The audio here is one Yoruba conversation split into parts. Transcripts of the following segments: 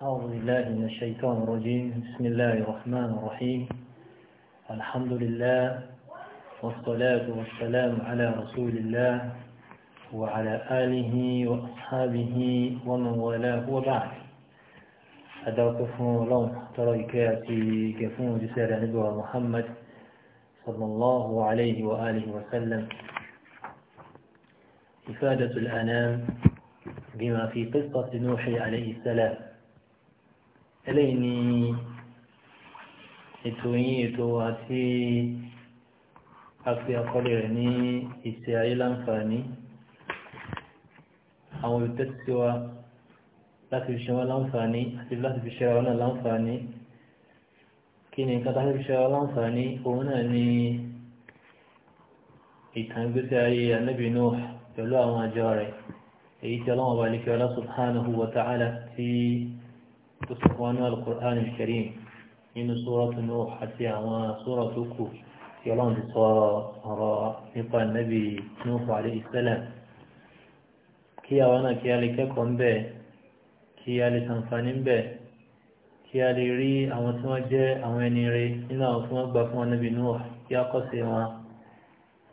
أعوذ بالله من الشيطان الرجيم بسم الله الرحمن الرحيم الحمد لله والصلاة والسلام على رسول الله وعلى آله وأصحابه ومن والاه وبعد كفون لهم تركاتي كفون جسر نبوة محمد صلى الله عليه وآله وسلم إفادة الأنام بما في قصة نوح عليه السلام eléyìí ni ètò yín ètò àti àfi àkọlé rẹ̀ ní ìṣe ayé láǹfààní àwọn olùtẹ́sí wa láti fi ṣe wọn láǹfààní àti láti fi ṣe ara náà láǹfààní kí ni nǹkan táwọn fi ṣe ara láǹfààní òun náà ni ìtàn ìgbésí ayé anábì Nuh pẹ̀lú àwọn àjọ rẹ̀ èyí tí ọlọ́wọ́n bá lè kí ọlá subhanahu wa ta'ala ti tó sọ fún wa ní alukur'an al-karim nínú sóràtún Nuh àti àwọn sóra tó kù tí ọlọ́run ti sọ ọ̀rọ̀ nípa nàbì Nuh alayhi salam kí àwa náà kí a lè kẹ́kọ̀ọ́ ń bẹ̀ kí a lè sàǹfààní ń bẹ̀ kí a lè rí àwọn tí wọ́n jẹ́ àwọn ẹni rẹ̀ nínú àwọn tí wọ́n gbà fún wọn nàbì Nuh a kọ́ sí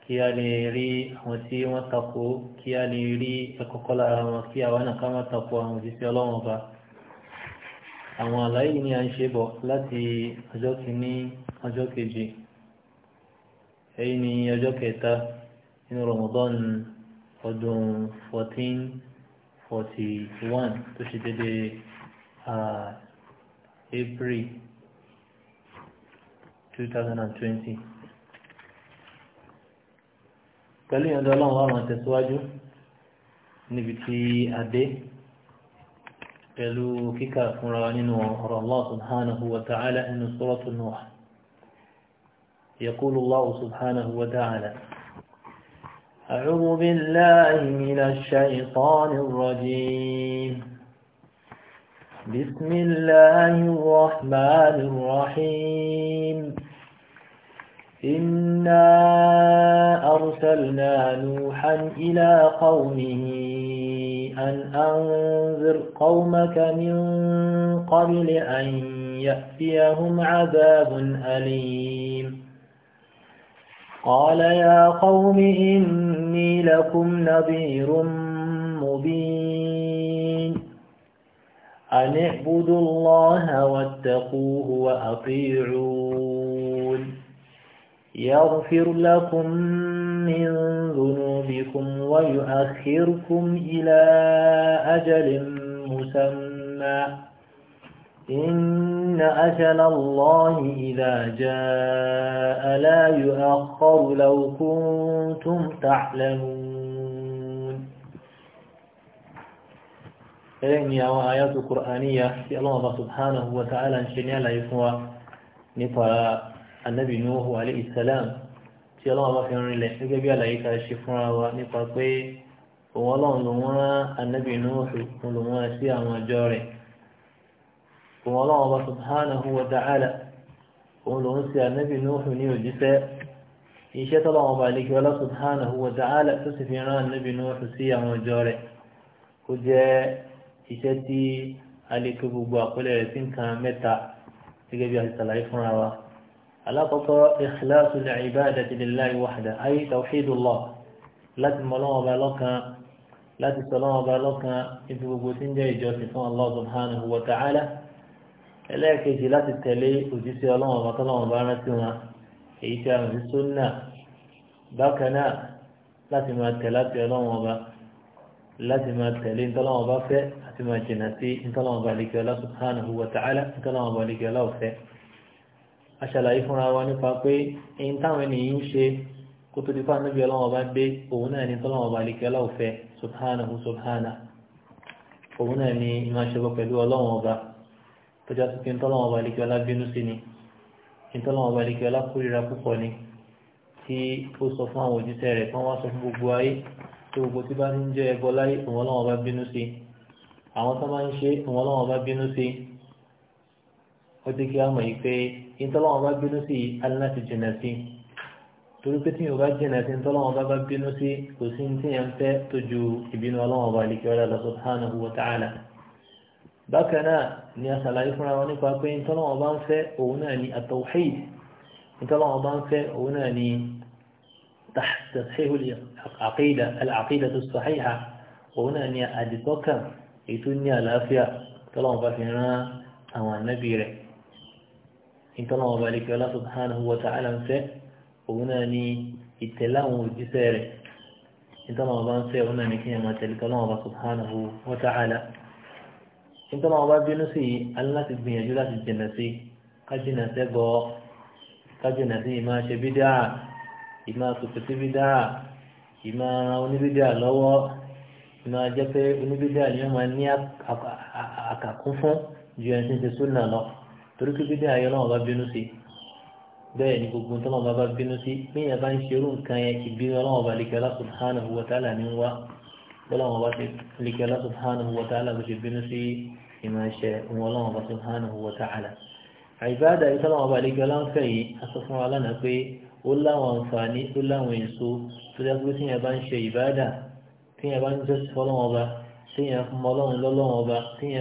kí a lè rí àwọn tí wọ́n tako kí a lè rí ẹ̀kọ́kọ́ lára wọn kí àwa náà ká má tako àwọn òjíṣẹ́ ọlọ́run ọba àwọn àlàyé yìí ni a ń ṣe bọ̀ láti ọjọ́ kìíní ọjọ́ kejì èyí ni ọjọ́ kẹta nínú Ramadan ọdún fourteen forty one tó ṣe dédé April two thousand and twenty pẹ̀lú ìyọ̀ndọ́ ọlọ́run àwọn àtẹ̀síwájú níbi tí a dé. pẹ̀lú kíkà fúnra wa nínú ọ̀rọ̀ Allah subhanahu wa ta'ala يقول الله سبحانه وتعالى أعوذ بالله من الشيطان الرجيم بسم الله الرحمن الرحيم إنا أرسلنا نوحا إلى قومه أن أنذر قومك من قبل أن يأتيهم عذاب أليم قال يا قوم إني لكم نذير مبين أن اعبدوا الله واتقوه وأطيعون يغفر لكم من ذنوبكم ويؤخركم إلى أجل مسمى إن أجل الله إذا جاء لا يؤخر لو كنتم تعلمون يا وآيات قرآنية في الله سبحانه وتعالى إن شاء الله يفوى نفوى anabi nuhu alayhi salam tí ọlọ́run bá fi rinlẹ̀ gẹ́gẹ́ bí àlàyé ká ṣe fúnra wa nípa pé òun ọlọ́run ló wọ́n rán anabi nuhu òun ló wọ́n sí àwọn ọjọ́ rẹ̀ òun ọlọ́run bá subhanahu wa ta'ala òun ló ń ṣe anabi nuhu ní òjíṣẹ́ iṣẹ́ tọ́lọ́wọ́n bá lè kí ọlá subhanahu wa ta'ala tó sì fi rán anabi nuhu sí àwọn ọjọ́ rẹ̀ ó jẹ́ iṣẹ́ tí a kí gbogbo àkọlẹ̀ rẹ̀ sí nǹkan mẹ́ta gẹ́gẹ́ bí a ti ṣàlàyé fúnra wa alákọ̀ọ́kọ́ ikhlasu al-ibadati lillahi wahda ay tawhidullah láti mọ́lọ́wọ́ bá lọ́kan láti sọ́lọ́wọ́ bá lọ́kan ibi gbogbo tí ń jẹ́ ìjọsìn fún Allah subhanahu wa ta'ala ẹlẹ́ẹ̀kejì láti tẹ̀lé òjíṣẹ́ ọlọ́wọ́ bá tọ́lọ́wọ́ bá rántí wọn èyí tí a mọ̀ sí sunna bákan náà láti máa tẹ̀ láti ọlọ́wọ́ bá láti máa tẹ̀lé ntọ́lọ́wọ́ bá fẹ́ àti máa jìnnà sí ntọ́lọ́wọ́ bá subhanahu wa ta'ala ntọ́lọ́wọ́ bá lè kí ọlá òfẹ́ aṣàlàyé fúnra wa nípa pé èyí táwọn ènìyàn ń ṣe kó tó ti fà níbi ọlọ́wọ́ bá dé òun náà ni tọ́lọ́wọ́ bá lè kí ọlọ́wọ́ fẹ́ subhanahu subhana òun náà ni ìmọ̀ ṣẹ́gbọ́ pẹ̀lú ọlọ́wọ́ ọba tó já sí pé tọ́lọ́wọ́ bá lè kí ọlá bínú sí ni tọ́lọ́wọ́ bá lè kí ọlá kórìíra púpọ̀ ni tí ó sọ fún àwọn òjíṣẹ́ rẹ̀ kán wá sọ fún gbogbo ayé tí gbogbo tí bá ń jẹ́ ẹbọ láyé òun ọlọ́wọ́ bá bínú sí ìtọ́lọ́wọ́n bá bínú sí aláti jìnà sí torí pé tí yóò bá jìnà sí ìtọ́lọ́wọ́n bá bá bínú sí kò sí tí yẹn fẹ́ tó ju ìbínú ọlọ́wọ́n bá lè kí ọlá lọ subhanahu wa ta'ala bákan náà ni a ṣàlàyé fúnra wọn nípa pé ìtọ́lọ́wọ́n bá ń fẹ́ òun náà ni at-tawhid ìtọ́lọ́wọ́n ń fẹ́ òun náà ni tashihu al-aqida al-aqida òun náà ni àdìtọ́kàn ètò ní àlàáfíà ìtọ́lọ́wọ́n fi rán àwọn ànábì rẹ̀ nítorí àwọn ọba àlekè ọlá subhanahu wa ta'ala ń fẹ́ òun náà ní ìtẹ̀lé àwọn òjíṣẹ́ rẹ̀ nítorí àwọn ọba ń fẹ́ òun náà ní kíyàn máa tẹ̀lé tọ́lọ́ ọba subhanahu wa ta'ala nítorí àwọn ọba bínú sí yìí aláti gbìyànjú láti jìnà sí kájìnà sẹ́gọ́ kájìnà sí ìmá ṣe bídà ìmá sòkòtì bídà ìmá oníbídà lọ́wọ́ ìmá jẹ́ pé oníbídà ni wọ́n máa ní àkàkún fún ju ẹni tí ń ṣe súnà torí pé bídẹ́ ayọ̀ náà bá bínú sí bẹ́ẹ̀ ni gbogbo tó náà bá bínú sí bíyẹn bá ń ṣerú nǹkan yẹn ìbínú ọlọ́wọ́n bá lèkẹ́ Allah subhanahu wa ta'ala ní wá bọ́láwọ́n bá lèkẹ́ Allah subhanahu wa ta'ala bó ṣe bínú sí ìmọ̀ ẹ̀ṣẹ̀ òun ọlọ́wọ́n bá subhanahu wa ta'ala. àìbáàdà yìí tọ́lọ́wọ́n bá lèkẹ́ láǹfẹ̀ yìí aṣọ fún wa lánàá pé ó láwọn àǹfààní ó láwọn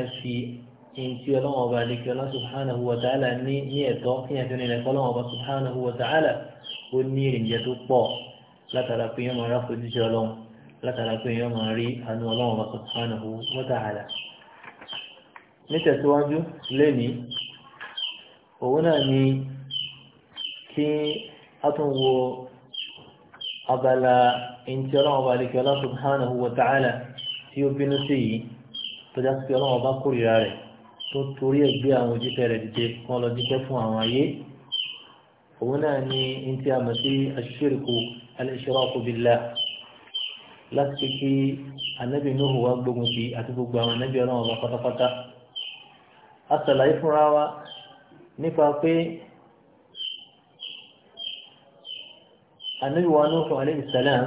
ìntí ọlọ́wọ́ ọba àlekí ọlá subhanahu wa ta'ala ní ní ẹ̀tọ́ kí ẹ̀ fẹ́ni lẹ́kọ́ ọlọ́wọ́ ọba subhanahu wa ta'ala ó ní ìrìnjẹ tó pọ̀ látara pé yọ́n máa rákò jíjẹ́ ọlọ́run látara pé yọ́n máa rí àánú ọlọ́wọ́ ọba subhanahu wa ta'ala. nítẹ̀síwájú lẹ́nìí òun náà ni kí a tún wo abala ìntí ọlọ́wọ́ ọba àlekí ọlá subhanahu wa ta'ala tí ó bínú sí yìí tó sí ọlọ́wọ́ ọba kórìíra rẹ̀ tó torí ẹ̀ gbé àwọn òjíṣẹ́ rẹ̀ dìde kán lọ jíṣẹ́ fún àwọn ayé òun náà ni n tí a mọ̀ sí aṣíṣirikù al-ishraku billah láti kí anábì Nuhu wá gbógun sí àti gbogbo àwọn anábì ọlọ́run ọba pátápátá a fúnra wa nípa pé anábì wa Nuhu alayhi salam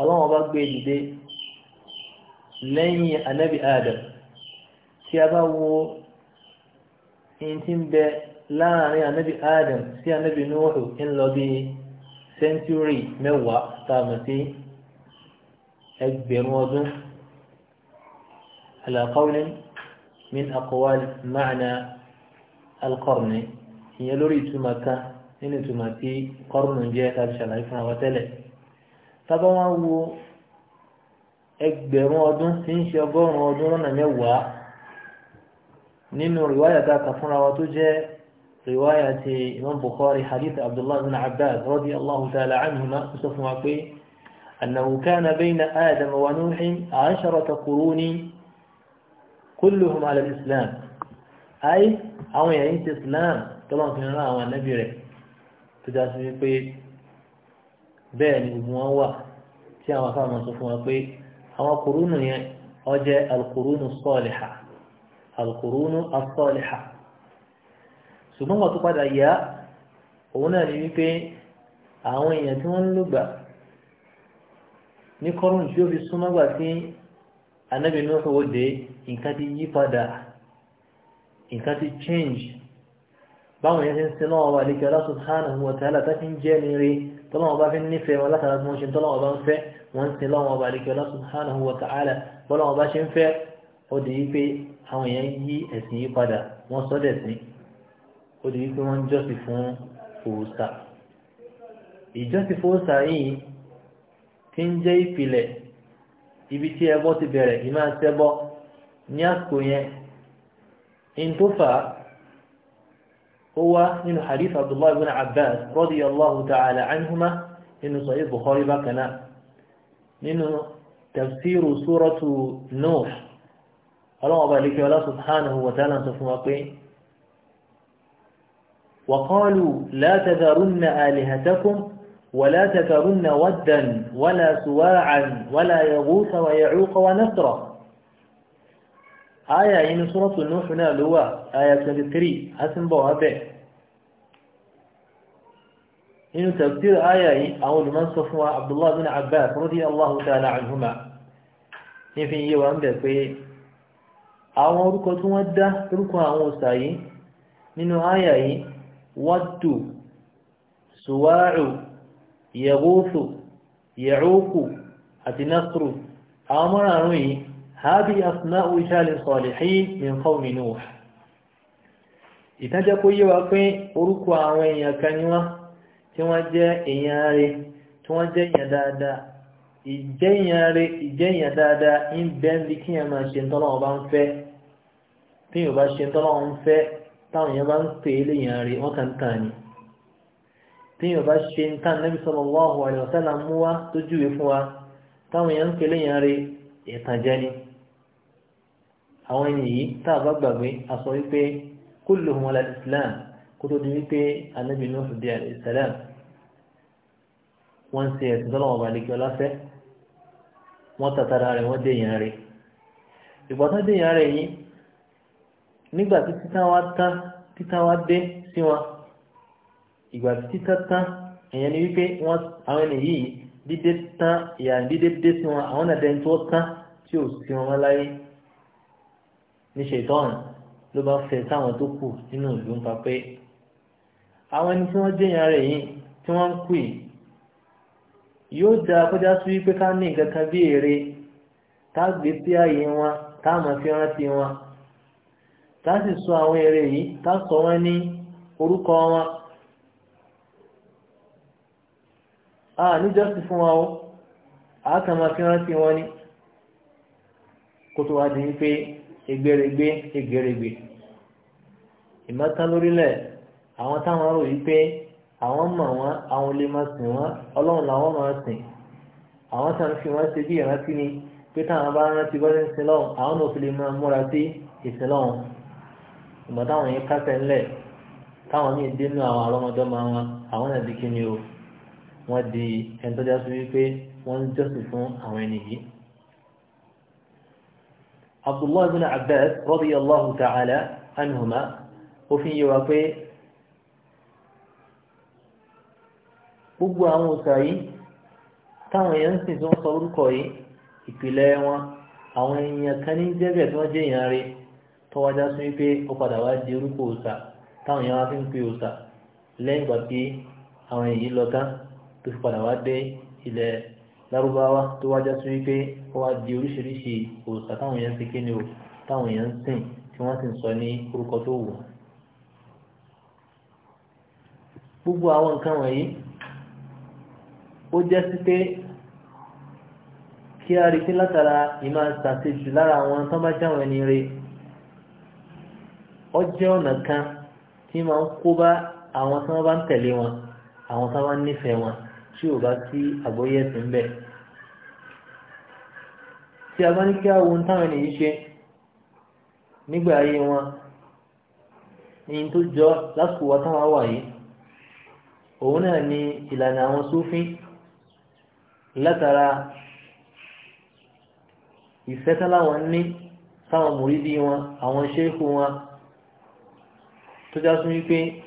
ọlọ́run ọba gbé e dìde lẹ́yìn anábì Adam tí a bá wo in ti ń bẹ láàrin anabi adam sí anabi nuhu ń lọ bí sẹ́ńtúrì mẹ́wàá tààmù sí ẹgbẹ̀rún ọdún alakawuli min akọwali maana alkọrni ìyẹn lórí ìtumọ̀ kan nínú ìtumọ̀ tí kọrùnù jẹ́ tàbí ṣàlàyé fún àwọn tẹ́lẹ̀ tábà wọn wo ẹgbẹ̀rún ọdún tí ń ṣe ọgọ́rùn-ún ọdún lọ́nà nínú riwaya ta ka fúnra wa tó jẹ́ riwaya ti imam bukhari hadith abdullahi bin abbas radiyallahu ta'ala anhuma sọ fún wa pé annahu kana bayna adam wa nuhin asharata quruni kulluhum ala islam ay àwọn yayin ti islam tolon fi ran àwọn nabi rẹ̀ tó já sí pé bẹ́ẹ̀ ni gbogbo wọn wà tí àwọn afáàmọ̀ sọ alkùrúnú asọ́lẹ̀hà ṣùgbọ́n wọ́n tó padà yá òun náà ni wípé àwọn èèyàn tí wọ́n ń lùgbà ní kọ́rùn tí ó fi súnmọ́gbà sí anábì Nuhu ó dé nǹkan ti yí padà nǹkan ti change báwọn èèyàn ti ń sin lọ́wọ́ àlejò Allah subhanahu wa ta'ala tá fi ń jẹ́ ni rí tọ́lọ́wọ́ bá fi ń nífẹ̀ẹ́ wọn látara tí wọ́n ṣe tọ́lọ́wọ́ bá ń fẹ́ wọ́n ń sin lọ́wọ́ wa ta'ala bọ́lọ́wọ́ bá ṣe ń fẹ́ àwọn èèyàn yí ẹ̀sìn yí padà wọ́n sọ dẹ̀sìn ó di wípé wọ́n ń jọ́sìn fún òòṣà ìjọ́sìn fún òòṣà yìí ti ń jẹ́ ìpìlẹ̀ ibi tí ẹbọ ti bẹ̀rẹ̀ ìmọ̀ àtẹ́bọ ní àsìkò yẹn ìntòfà ó wá nínú hadith abdullahi ibn abbas radiyallahu ta'ala anhuma nínú sahih bukhari bákan náà nínú tafsiru suratu nuh ọlọ́wọ́n bá lékè ọlá subhanahu wa ta'ala sọ fún wa pé wa qalu la tadharunna alihatakum ولا تذرن ودا ولا سواعا ولا يغوث ويعوق ونسرا آية يعني سورة النوح نالوا آية 23 أسنبوها به inú tafsir àyà yìí àwọn olùmọ́sọ fún wa abdullahi bin abbas rọ́dí allahu ta'ala anhuma ní yíwa ń bẹ̀ pé àwọn orúkọ tí wọ́n dá orúkọ àwọn òsà yìí nínú àyà yìí wàdù sùwárù yẹ̀wòfò yẹ̀rùkù àti nasru àwọn márààrún yìí hábí asùnà òṣàlẹ̀ sọ̀lẹ̀hí min qawmi Nuh ìtàjẹ́ kó yé wa pé orúkọ àwọn èèyàn kan tí wọ́n jẹ́ èèyàn rẹ̀ tí wọ́n jẹ́ èèyàn dáadáa ìjẹ́yàn rẹ̀ ìjẹ́yàn dáadáa ń bẹ́ẹ̀ bí kí ẹ máa ṣe tọ́lọ́wọ́ bá ń fẹ́ tí yóò bá ṣe tọ́lọ́run fẹ́ táwọn èèyàn bá ń pè é léèyàn rè wọ́n kàn tàn ní tí yóò bá ṣe ń tàn Nabi sallallahu alaihi wasallam mú wá tó júwe fún wa táwọn èèyàn ń pè léèyàn rè ìtànjẹ ni àwọn ẹni yìí tá a bá gbàgbé a sọ wípé kulluhum ala islam kó tó di wípé Ànábì Nuh fìdí alayhi salam wọ́n ṣe ẹ̀sìn tọ́lọ́wọ́n bá lékè ọlọ́fẹ́ wọ́n tàtàrà rẹ̀ wọ́n dé èèyàn rẹ̀ ìgbà tó dé èèyàn rẹ̀ yìí nígbà tí títà wá tán títà wá dé sí wọn ìgbà tí títà tán èèyàn ni wípé wọn àwọn ẹni yìí dídé tán ìyà dídé dé sí wọn àwọn ẹ̀dẹ̀ tó tán tí ò sí wọn láyé ní ṣètọ́n ló bá fẹ́ sáwọn tó kù nínú ìlú ń pa pé àwọn ẹni tí wọ́n jẹ́yàn rẹ̀ yìí tí wọ́n ń kú yìí yóò dáa kọjá sí wípé ká ní nǹkan kan bí èrè tá a gbé sí ààyè wọn tá a máa fi rántí wọn tá a sì sọ àwọn eré yìí tá a sọ wọn ní orúkọ wọn a níjọ́ sí fún wa o a kàn máa fi rántí wọn ní kó tó wá di wípé egbèrègbè egbèrègbè ìmọ̀tán lórílẹ̀ àwọn táwọn rò yí pé àwọn mọ̀ wọn àwọn olè máa sìn wọn ọlọ́run làwọn máa sìn àwọn tàn fi wọn ṣe bí ìrántí ni pé táwọn bá rántí bọ́lá ń sin àwọn náà fi lè máa múra sí ìsìn lọ́hùn ìgbà táwọn yẹn kásẹ̀ ńlẹ̀ táwọn míì dénú àwọn àrọ́mọdé máa wọn àwọn náà di kí ni o wọ́n di ẹni tó jásí wípé wọ́n ń jọ́sìn fún àwọn ẹni yìí. abdullahi bin abbas radiyallahu ta'ala anhuma ó fi yé pé gbogbo àwọn òòṣà yìí táwọn èèyàn ń sìn tí wọ́n sọ orúkọ yìí ìpìlẹ̀ wọn àwọn èèyàn kan ní jẹ́bẹ̀ẹ́ tí wọ́n jẹ́ èèyàn rẹ̀ tó wájá sí wípé ó padà wá di orúkọ òòṣà táwọn èèyàn wá fi ń pe òòṣà lẹ́yìn ìgbà tí àwọn èyí lọ tán tó fi padà wá dé ilẹ̀ lárúbáwá tó wájá sí wípé ó wá di oríṣiríṣi òòṣà táwọn èèyàn ti kí ni o táwọn èèyàn ń sìn tí wọ́n sì ń sọ ní orúkọ tó wù. gbogbo àwọn nǹkan wọ̀nyí ó jẹ́ sí pé kí a rí pé látara ìmáa ṣàṣejù lára àwọn tó bá jáwọn ẹni rèé ó jẹ́ ọ̀nà kan tí máa ń kó bá àwọn tí wọ́n bá ń tẹ̀lé wọn àwọn tí wọ́n bá ń nífẹ̀ẹ́ wọn tí ò bá sí àgbóyè sí ń bẹ. tí a bá ní kí àwọn táwọn ènìyàn ṣe nígbà ayé wọn ní tó jọ lásìkò wa táwọn wà yìí òun náà ni ìlànà àwọn sófin látara ìfẹ́ táwọn ní sáwọn mùrídìí wọn àwọn ṣéèkù wọn tó já sí wípé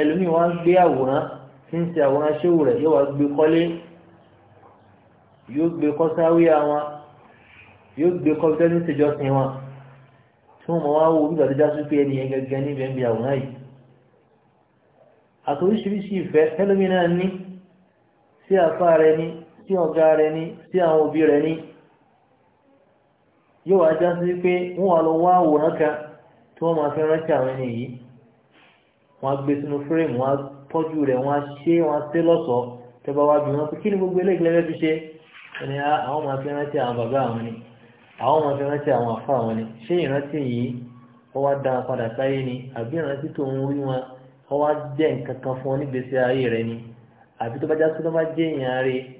ẹlòmíì wá ń gbé àwòrán tí ń ṣe àwòrán ṣéwù rẹ̀ yóò wá gbé kọ́lé yóò gbé kọ́ sáwíà wọn yóò gbé kọ́ bí tẹ́lẹ̀ ṣèjọ́sìn wọn tí wọ́n mọ̀ wá wo bí tàbí já sí pé ẹni yẹn gẹ́gẹ́ níbẹ̀ ń bi àwòrán yìí àti oríṣiríṣi ìfẹ́ ẹlòmíì náà ní sí àfá rẹ ní sí ọ̀gá rẹ ní sí àwọn òbí rẹ ní yóò wá já sí pé wọ́n wá lọ wá àwòrán kan tí wọ́n máa fi rántí àwọn ẹni yìí wọ́n á gbé sínú fírèmù wọ́n á tọ́jú rẹ̀ wọ́n á ṣe wọ́n á tẹ́ lọ́sọ̀ọ́ tẹ́bá wá bí wọ́n pé kí ni gbogbo eléyìí lẹ́fẹ́ fi ṣe ẹni àwọn máa fi rántí àwọn bàbá àwọn ni àwọn máa fi rántí àwọn àfa àwọn ni ṣé ìrántí yìí wọ́n wá dá padà sáyé ni àbí ìrántí tó ń rí wọn wọ́n wá jẹ́ nǹkan kan fún ọ nígbèsè ayé rẹ ni àbí tó bá já tó bá jẹ́ èèyàn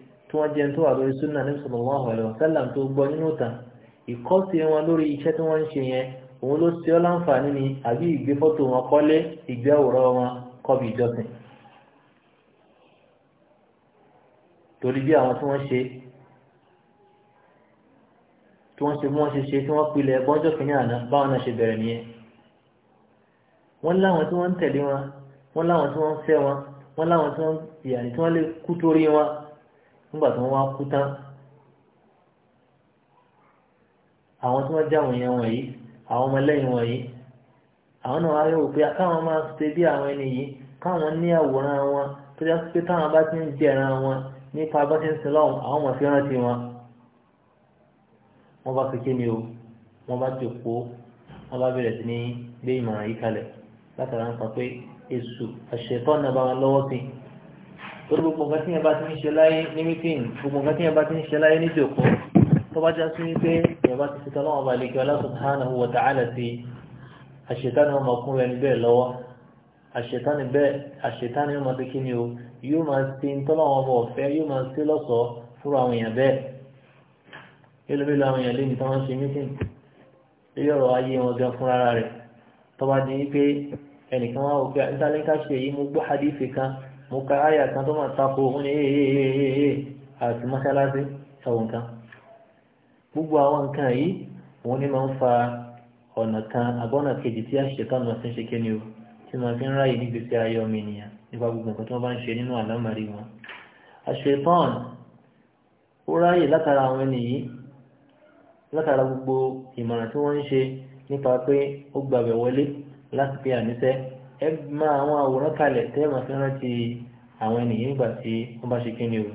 òun ló ṣe ọ́ láǹfààní ni àbí ìgbé fọ́tò wọn kọ́lé ìgbé àwòrán wọn kọ́bi ìjọsìn torí bí àwọn tí wọ́n ṣe tí wọ́n ṣe bí wọ́n ṣe ṣe tí wọ́n pilẹ̀ bọ́jọ́ kìíní àná báwọn náà ṣe bẹ̀rẹ̀ nìyẹn wọ́n láwọn tí wọ́n ń tẹ̀lé wọn wọ́n láwọn tí wọ́n ń fẹ́ wọn wọ́n láwọn tí wọ́n ìyàní tí wọ́n lè kú torí wọn nígbà tí wọ́n wá kú tán àwọn tí wọ́n àwọn ọmọlẹ́yìn wọ̀nyí àwọn náà wáyé òpin káwọn máa ṣe bí àwọn ẹni yìí káwọn ní àwòrán wọn tó yẹ pé táwọn bá ti ń jẹran wọn nípa bá ti ń sin lọ́hùn àwọn ọmọ fi rántí wọn. wọ́n bá fi kí ni o wọ́n bá ti kó wọ́n bá bẹ̀rẹ̀ sí ní gbé ìmọ̀ràn yìí kalẹ̀ látara ń pa pé èṣù àṣetọ́ náà bá wọn lọ́wọ́ sí i gbogbo nǹkan tí yẹn bá ti ń ṣe láyé ní mítìn gbogbo nǹkan tí yẹn bá ti ń ṣe láyé ní ìjòkó tó bá já sí wípé ìyàbá ti fi tọ́lọ́wọ́ bá lè kí Allah subhanahu wa ta'ala sí àṣetánì ọmọ ọkùnrin ẹni bẹ́ẹ̀ lọ́wọ́ àṣetánì bẹ́ẹ̀ àṣetánì ọmọ tó kí ni o yóò máa ti ń tọ́lọ́wọ́ bọ̀ ọ̀fẹ́ yóò máa ti lọ́sọ̀ọ́ fúru àwọn èèyàn bẹ́ẹ̀ elomelo àwọn èèyàn lẹ́yìn tí wọ́n ṣe mítìn lórí ọ̀rọ̀ ayé wọn gan fúnra rẹ̀ tó bá di wípé ẹnìkan wá òkè ìdálẹ́ká ṣe mo gbọ́ gbogbo àwọn nǹkan yìí òun ni máa ń fa ọ̀nà kan àbọ̀nà kejì tí àṣetán lọ sí ń ṣe kéne o tí wọ́n fi ń ráyè nígbèsè ayé ọmọ ènìyàn nípa gbogbo nǹkan tí wọ́n bá ń ṣe nínú àlámọ̀rí wọn. àṣetán ó ráyè látara àwọn ènìyàn látara gbogbo ìmọ̀ràn tí wọ́n ń ṣe nípa pé ó gbàgbẹ́ wọlé láti pé àníṣẹ́ ẹ máa àwọn àwòrán kalẹ̀ tẹ́ máa fi rántí àwọn ènìyàn nígbà tí wọ́n bá ṣe kéne o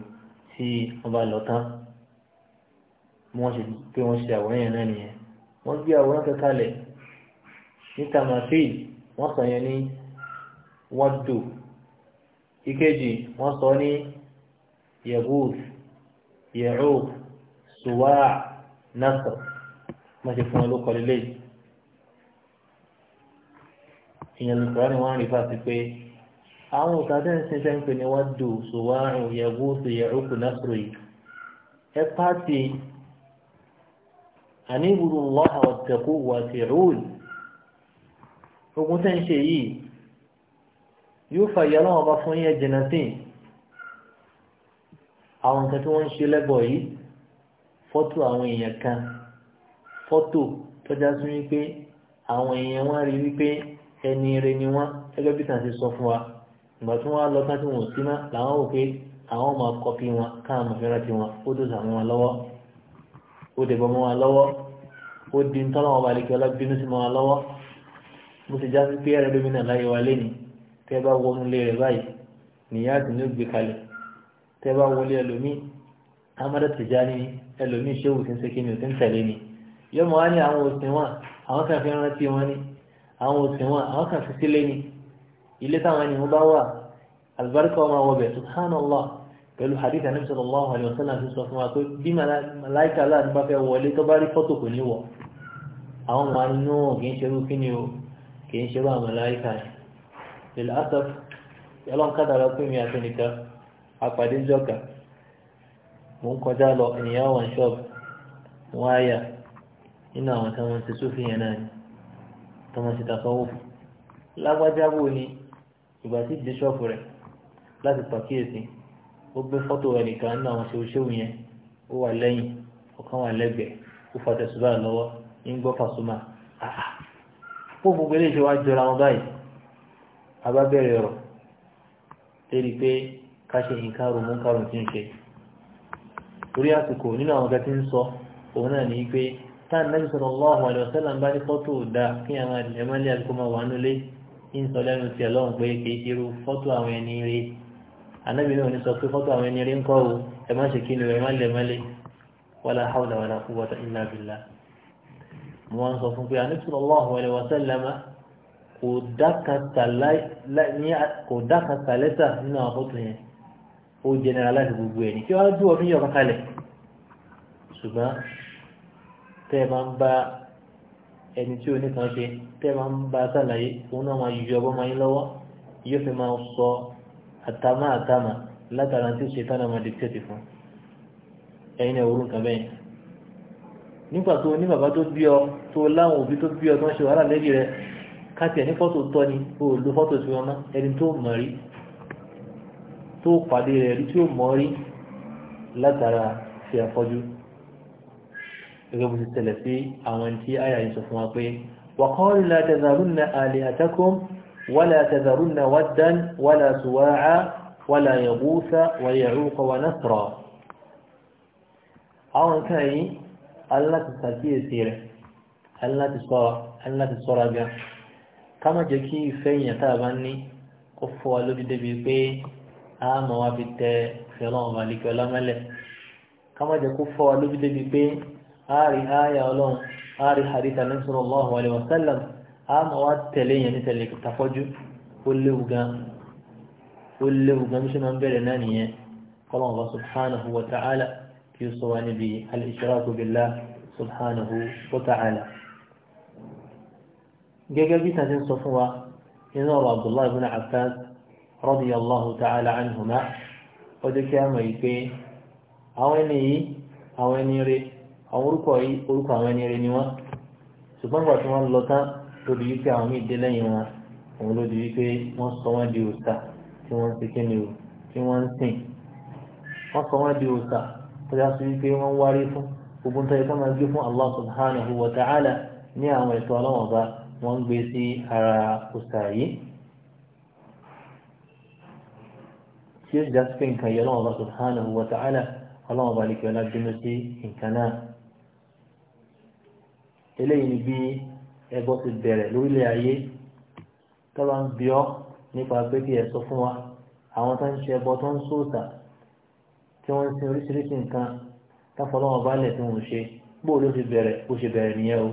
tí wọ́n bá lọ tán wọ́n ṣe pé wọ́n ṣe àwòrán yẹn náà nìyẹn wọ́n gbé àwòrán kankan lẹ̀ ní tamafil wọ́n sọ yẹn ní wọ́dù ìkejì wọ́n sọ ní yahud yahud suwa nasa wọ́n ṣe fún wọn ló kọ́ lélẹ̀ yìí ìyẹn lùkọ́ ni wọ́n rí fásitì pé àwọn òkàdé ń sin sẹ́ńpẹ́ ni wọ́dù suwa yahud yahud nasa yìí ẹ pàtì àní ìwúrò ńlọ àwọn tẹ̀kú wà sí rúùl ogun tẹ́ ń ṣe yìí yóò fa ìyá ọlọ́wọ́n bá fún yẹn jìnnà sí àwọn nǹkan tí wọ́n ń ṣe lẹ́bọ̀ yìí fọ́tò àwọn èèyàn kan fọ́tò tọ́já sí wípé àwọn èèyàn wọn rí wípé ẹni rẹ ni wọn gẹ́gẹ́ bí tàn sọ fún wa ìgbà tí wọ́n á lọ tán tí wọ́n sí mọ́ làwọn ò pé àwọn ọmọ kọfí wọn káàmù fẹ́ràn tiwọn ó dòdò àwọn wọn lọ́wọ́ ó dẹ̀bọ̀ mọ́ wọn lọ́wọ́ ó di ń tọ́lọ́ ọba àlekè ọlọ́bínú sí mọ́ra lọ́wọ́ mo ti já sí pé ẹ̀rẹ́ lómìnà láyé wa lé tẹ́ bá wọnú ilé rẹ̀ báyìí nìyá àti ní ó kalẹ̀ tẹ́ bá wọlé ẹlòmíì amadu Tijani ni ẹlòmíì ṣéwù tí ń ṣe kíni ò ti ń tẹ̀lé ni yọmọ wa ní àwọn òsìn wọn àwọn kan fi rántí wọn ni àwọn òsìn wọn àwọn kan fi sílé ni ilé táwọn ènìyàn bá wà àlùbáríkà ọmọ àwọn ọbẹ̀ subhanallah pẹ̀lú hadith anabi sallallahu alayhi wa sallam ti sọ fún wa pé bí malaika aláàdúgbà fẹ́ wọlé tó bá rí fọ́tò kò ní wọ̀ àwọn ọmọ inú kì í ṣerú kí ni o kì í ṣerú àwọn malaika yẹn lè asaf ọlọ́nkádà lọ pé mi àti nìkan apàdé jọ́ka mò ń kọjá lọ ènìyàn wọn ṣọ́ọ̀bù wọn á yà nínú àwọn tí wọn ti súfì yẹn náà ni tí wọn ti tàfọwọ́ lágbájá ni ìgbà tí bíṣọ́ọ̀fù rẹ̀ láti pàkíyèsí oge foto fọ́tò ẹnìkan nínú àwọn ṣèwṣèwò yẹn ó wà lẹ́yìn ọ̀kan wà lẹ́gbẹ̀ẹ́ ó fa tẹ̀sùbá lọ́wọ́ ń gbọ́ fàṣùmà àà fún gbogbo eléyìí ṣe wá jọra wọn báyìí a bá lérí pé ká ṣe nǹkan rò mú tí ń ṣe àsìkò nínú àwọn tí ń sọ òun náà ní pé anábì náà ní sọ pé fọ́tò àwọn ẹni rí ń kọ́ o ẹ má ṣe kí ni ẹ má lẹ̀ mọ́lẹ̀ wala hawla wala quwwata illa billah mo wá ń sọ fún pé anábì sallallahu alaihi wa sallama kò dákàtà lẹ́sà nínú àwọn fọ́tò yẹn ó generalize gbogbo àtàmà àtàmà látara tí ṣetán náà máa dìkítẹ́tì fún ẹ̀yin náà orúkọ bẹ́ẹ̀ nígbà tó ní bàbá tó bí ọ tó láwọn òbí tó bí ọ tó ń ṣe wàhálà lẹ́yìn rẹ káàtì ẹ̀ ní fọ́tò tọ́ ni o lo fọ́tò tí wọ́n mọ́ ẹni tó mọ̀ rí tó pàdé rẹ̀ rí tí ó mọ̀ rí látara fi àfọ́jú gẹ́gẹ́ bó ti tẹ̀lẹ̀ sí àwọn tí àyà yìí sọ fún wa pé wàkọ́ọ́lì látẹ̀zàrún na àlè àtẹ́kùn ولا تذرن ودا ولا سواعا ولا يغوث ويعوق ونسرا àwọn kan yìí aláti sàkíyèsí rẹ̀ aláti sọ́ra aláti sọ́ra gan ká má jẹ́ kí ìfẹ́ èèyàn tá a bá ní ó fọ́ wa lórí débi pé a máa wá fi tẹ fẹ́ràn ọba àlekè ọlámẹ́lẹ̀ ká má jẹ́ kó fọ́ wa lórí débi pé a rí àyà ọlọ́run a rí hadith anabi sallallahu alaihi wa sallam a máa wá tẹ̀lé yẹn ní tẹ̀lé tafọ́jú ó léwu gan ó léwu gan bí ṣe máa ń bẹ̀rẹ̀ náà nìyẹn kọ́lọ́n ọba subhanahu wa ta'ala kí ó sọ wá níbi al-ishraku billah subhanahu wa ta'ala. gẹ́gẹ́ bí tàbí sọ fún wa nínú ọ̀rọ̀ abdullahi ibn abbas radiyallahu ta'ala anhuma ó jẹ́ kí a mọ̀ yìí pé àwọn ẹni yìí àwọn ẹni rẹ̀ àwọn orúkọ yìí orúkọ àwọn ẹni rẹ̀ ni wọ́n ṣùgbọ́n gbà wọ́n lọ tán tó di wípé àwọn míì dé lẹ́yìn wọn òun ló di wípé wọ́n sọ wọ́n di òòṣà tí wọ́n ń kíni o tí wọ́n ń sìn wọ́n sọ wọ́n di òòṣà tó dá sí wípé wọ́n wárí fún gbogbo ń tẹ́lẹ̀ tó máa gbé fún Allah subhanahu wa ta'ala ní àwọn ètò ọlọ́wọ́n bá wọ́n gbé sí ara òòṣà yìí. tí ó já pé nǹkan yẹ ọlọ́wọ́n bá subhanahu wa ta'ala ọlọ́wọ́n bá lè kí ọlá bínú sí nǹkan náà. eléyìí ni bí ẹbọ ti bẹ̀rẹ̀ lórílẹ̀ ayé tọ́ba ń bí ọ́ nípa pé kí ẹ sọ fún wa àwọn tó ń ṣe ẹbọ tó ń sóòtà tí wọ́n ń sin oríṣiríṣi nǹkan táfọlọ́wọ́n bá lẹ̀ tí wọ́n ṣe bó ló fi bẹ̀rẹ̀ bó ṣe bẹ̀rẹ̀ nìyẹn o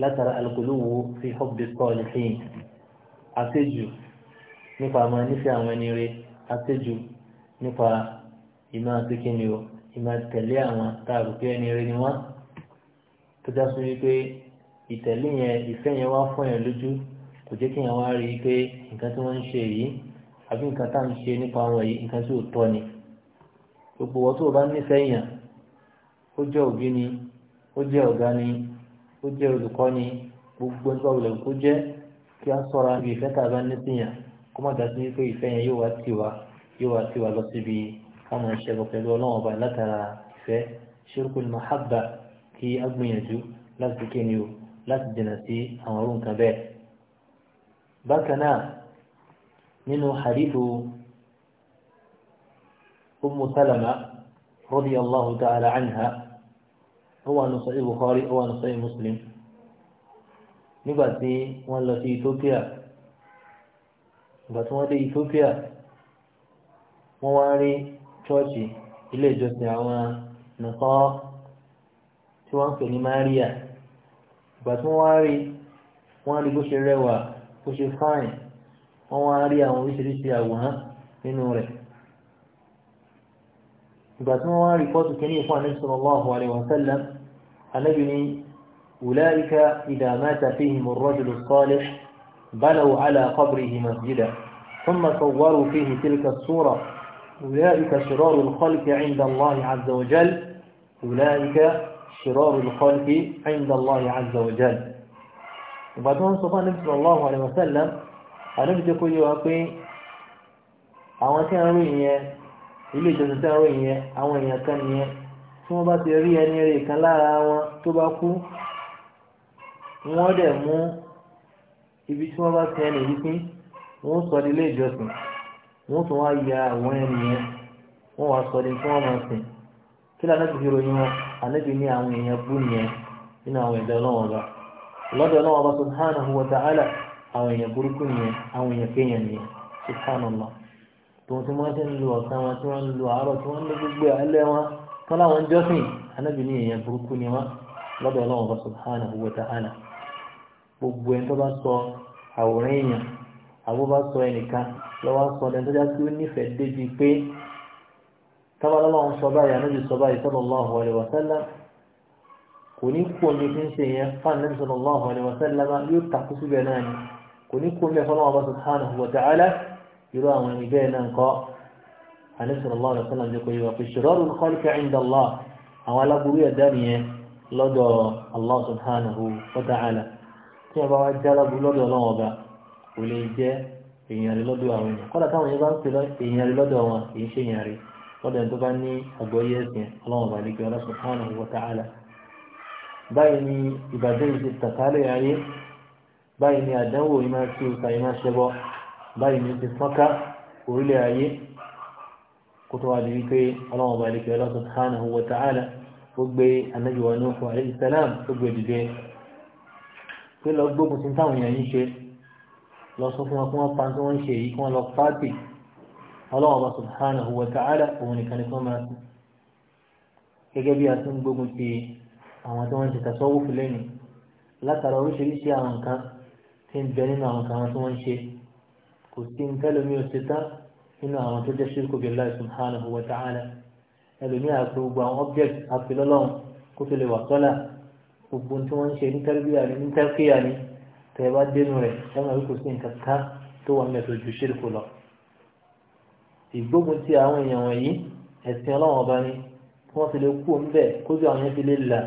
látara alukuluwo fi hubbi salihin àṣejù nípa àmọ́ nífẹ̀ẹ́ àwọn ẹni rẹ̀ àṣejù nípa ìmọ̀ àti kíni o ìmọ̀ tẹ̀lé àwọn tá pé ẹni rẹ̀ ni wọ́n tó já sí wípé ìtẹ̀lé yẹn ìfẹ́ yẹn wá fọ́ yẹn lójú kò jẹ́ kí yẹn wá rí i pé nǹkan tí wọ́n ń ṣe yìí àbí nǹkan tá à ń ṣe nípa wọn yìí nǹkan tí ò tọ́ ni gbogbo wọn tó o bá nífẹ̀ẹ́ yàn ó jẹ́ òbí ni ó jẹ́ ọ̀gá ni ó jẹ́ olùkọ́ ni gbogbo nípa òwúlẹ̀ kó jẹ́ kí a sọ̀rọ̀ àbí ìfẹ́ tá a bá ní síyàn kó má dá sí wípé ìfẹ́ yẹn yóò wá tì wá yóò wá tì wá lọ síbi káwọn ìṣẹ́ lọ pẹ̀lú láti jìnà sí àwọn orú nǹkan bẹ́ẹ̀ bákan náà nínú hadithu ummu salama radiyallahu ta'ala anha ó wà nù sọ́yìn bukhari ó wà nù sọ́yìn muslim nígbà tí wọ́n lọ sí ethiopia ìgbà tí wọ́n dé ethiopia wọ́n wá rí chọ́ọ̀chì ilé ìjọsìn àwọn nìkan tí wọ́n ń pè ní maria ìgbà tí wọ́n wá rí wọ́n rí bó ṣe rẹwà bó ṣe fáìn wọ́n wá rí àwọn oríṣiríṣi àwòrán nínú rẹ̀ ìgbà tí wọ́n wá rí pọ́tù kìíní fún àníbi sallallahu alaihi wa sallam ànábì ní ulaika idha mata fihim ar-rajulu as-salih balaw ala qabrihi masjida ثم صوروا فيه تلك الصورة أولئك شرار الخلق عند الله عز وجل أولئك شرار الخلق عند الله عز وجل ìgbàdún sọ fún Ànábì sallallahu alaihi wasallam àníbìjẹ́ kó yíwa pé àwọn tí a ń ròyìn yẹn ilé ìjọsìn tí a ń ròyìn yẹn àwọn èèyàn kan nìyẹn tí wọ́n bá ti rí ẹni rẹ̀ kan lára wọn tó bá kú wọ́n dẹ̀ mú ibi tí wọ́n bá ti ẹni yìí pín wọ́n sọ di ilé ìjọsìn wọ́n tún wá ya àwọn ẹni yẹn wọ́n wá di tí wọ́n máa sìn kí lóò anábì fi ròyìn wọn anábì ní àwọn èèyàn bú nìyẹn nínú àwọn ẹ̀dá ọlọ́wọ́n bá lọ́dọ̀ ọlọ́wọ́n bá subhanahu wa ta'ala àwọn èèyàn burúkú nìyẹn àwọn èèyàn kéèyàn nìyẹn subhanallah tòun tí wọ́n ti ń lu ọ̀sán wọn tí wọ́n ń lu àárọ̀ tí wọ́n ń lu gbogbo alẹ́ wọn tán láwọn ń jọ́sìn anábì ní èèyàn burúkú ni wọn lọ́dọ̀ ọlọ́wọ́n tábà lọ́wọ́ sọ báyìí ànábì sọ báyìí sallallahu alaihi wasallam kò ní kó omi tí ń ṣe yẹn fún ànábì sallallahu alaihi wasallam yóò takú síbẹ̀ náà ni kò ní kó omi ẹ̀fọ́ lọ́wọ́ bá subhanahu wa ta'ala irú àwọn ẹni bẹ́ẹ̀ náà kọ́ ànábì sallallahu alaihi wasallam jẹ́ kó yẹ wà pé shirarul khalqi inda Allah àwọn aláburú ẹ̀dá nìyẹn lọ́dọ̀ Allah subhanahu wa ta'ala tí lọ́dọ̀ ẹni tó bá ní àgbọ́yé ẹ̀sìn ọlọ́run bá nígbà ọlá subhanahu wa ta'ala báyìí ni ìbàjẹ́ yìí ti tàkálẹ̀ ayé báyìí ni àdánwò iná tí òkà iná ṣẹbọ báyìí ni ti fọ́nká orílẹ̀ ayé kó tó wá di wípé ọlọ́run bá nígbà ọlá subhanahu wa ta'ala ó gbé Ànábì wa Nuhu alayhi salam ó gbé dìde pé lọ gbógun tí táwọn èèyàn yìí ṣe lọ sọ fún wọn kí wọ́n pa tí wọ́n ń ṣe yìí kí wọ́n lọ pàtì ọlọ́ọ̀bá subhanahu wa ta'ala òun nìkan ni kọ́ máa sùn gẹ́gẹ́ bí a ti ń gbógun ti àwọn tí wọ́n ń ṣe tasawuf lẹ́nu látara oríṣiríṣi àwọn nǹkan tí ń bẹ nínú àwọn nǹkan tí wọ́n ń ṣe kò sí ń tẹ́lẹ̀ mi ò ṣe tán nínú àwọn tó jẹ́ ṣírkù billahi subhanahu wa ta'ala ẹlòmí àti gbogbo àwọn object àfilọ́lọ́run kó fi lè wà sọ́là gbogbo tí wọ́n ń ṣe ní tẹ́lẹ̀bíyà ní tẹ́lẹ̀kíyà ni tẹ́ẹ̀ ìgbógun ti àwọn èèyàn wọ̀nyí ẹ̀sìn ọlọ́wọ́n ọba ni kí wọ́n ti lè kú ń bẹ̀ kó sì àwọn yẹn fi lè là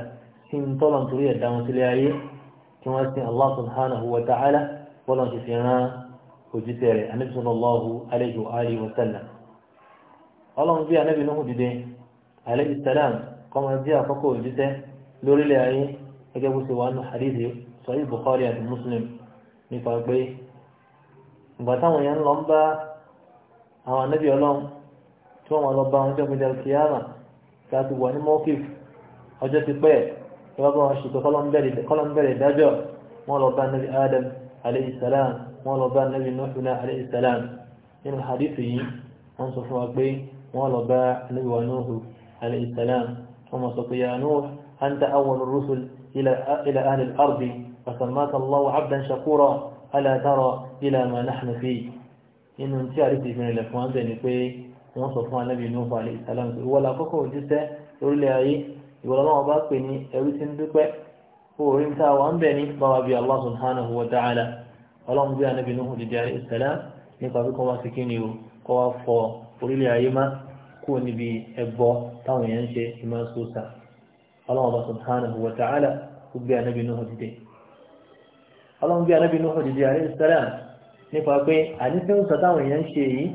kí n tọ́lọ̀ nítorí ẹ̀dá wọn sílé ayé kí wọ́n sin Allah subhanahu wa ta'ala bọ́lá ti fi rán òjíṣẹ́ rẹ̀ anabi sallallahu alayhi wa alihi wa sallam ọlọ́run bí anabi nuhu dìde alayhi salam kọ́mọ bí àkọ́kọ́ òjíṣẹ́ lórílẹ̀ ayé gẹ́gẹ́ bó ṣe wà nù hadith sahih Bukhari àti Muslim nípa pé ìgbà táwọn yẹn ń lọ ń bá àwọn anábì ọlọ́run tí wọ́n máa lọ bá wọn jẹ́ gbẹdẹ kíyàmà tí a ti wọ̀ ní mọ́kìf ọjọ́ ti pẹ́ tí wọ́n bá wọn ṣètò kọ́lọ́m bẹ̀rẹ̀ ìdájọ́ wọ́n lọ bá anábì Adam alayhi salam wọ́n lọ bá anábì nuhuna alayhi salam nínú hadith yìí wọ́n sọ fún wa pé wọ́n lọ bá anábì wa nuhu alayhi wọ́n mọ̀ sọ pé ya nuhu anta awwal rusul ila ila ahli al-ardi فسماك الله عبدا شكورا ألا ترى إلى ما نحن فيه nínú tí àdìsí ìfìrìn ilẹ̀ fún ánbẹ̀ ni pé wọ́n sọ fún anábì inú falẹ̀ ìsàlámù pé ìwọ́lá àkọ́kọ́ òjíṣẹ́ lórílẹ̀ ayé ìwọ́lá ọlọ́wọ́ bá pè ní ẹrú tí ń dúpẹ́ orí ń ta wà ń bẹ̀ ní bàbá bíi Allah subhanahu wa ta'ala ọlọ́run bí anábì inú dìde àrẹ ìsàlá nípa pé kọ́ wá sí kíni o kọ́ wá fọ orílẹ̀ ayé má kú níbi ẹbọ táwọn èèyàn ń ṣe ìmọ̀ sósà ọlọ́run subhanahu wa ta'ala ó gbé anábì inú dìde ọlọ́run bí anábì inú dìde àrẹ ìsàlá nípa pé àdísí ń sọ táwọn èèyàn ń ṣe yìí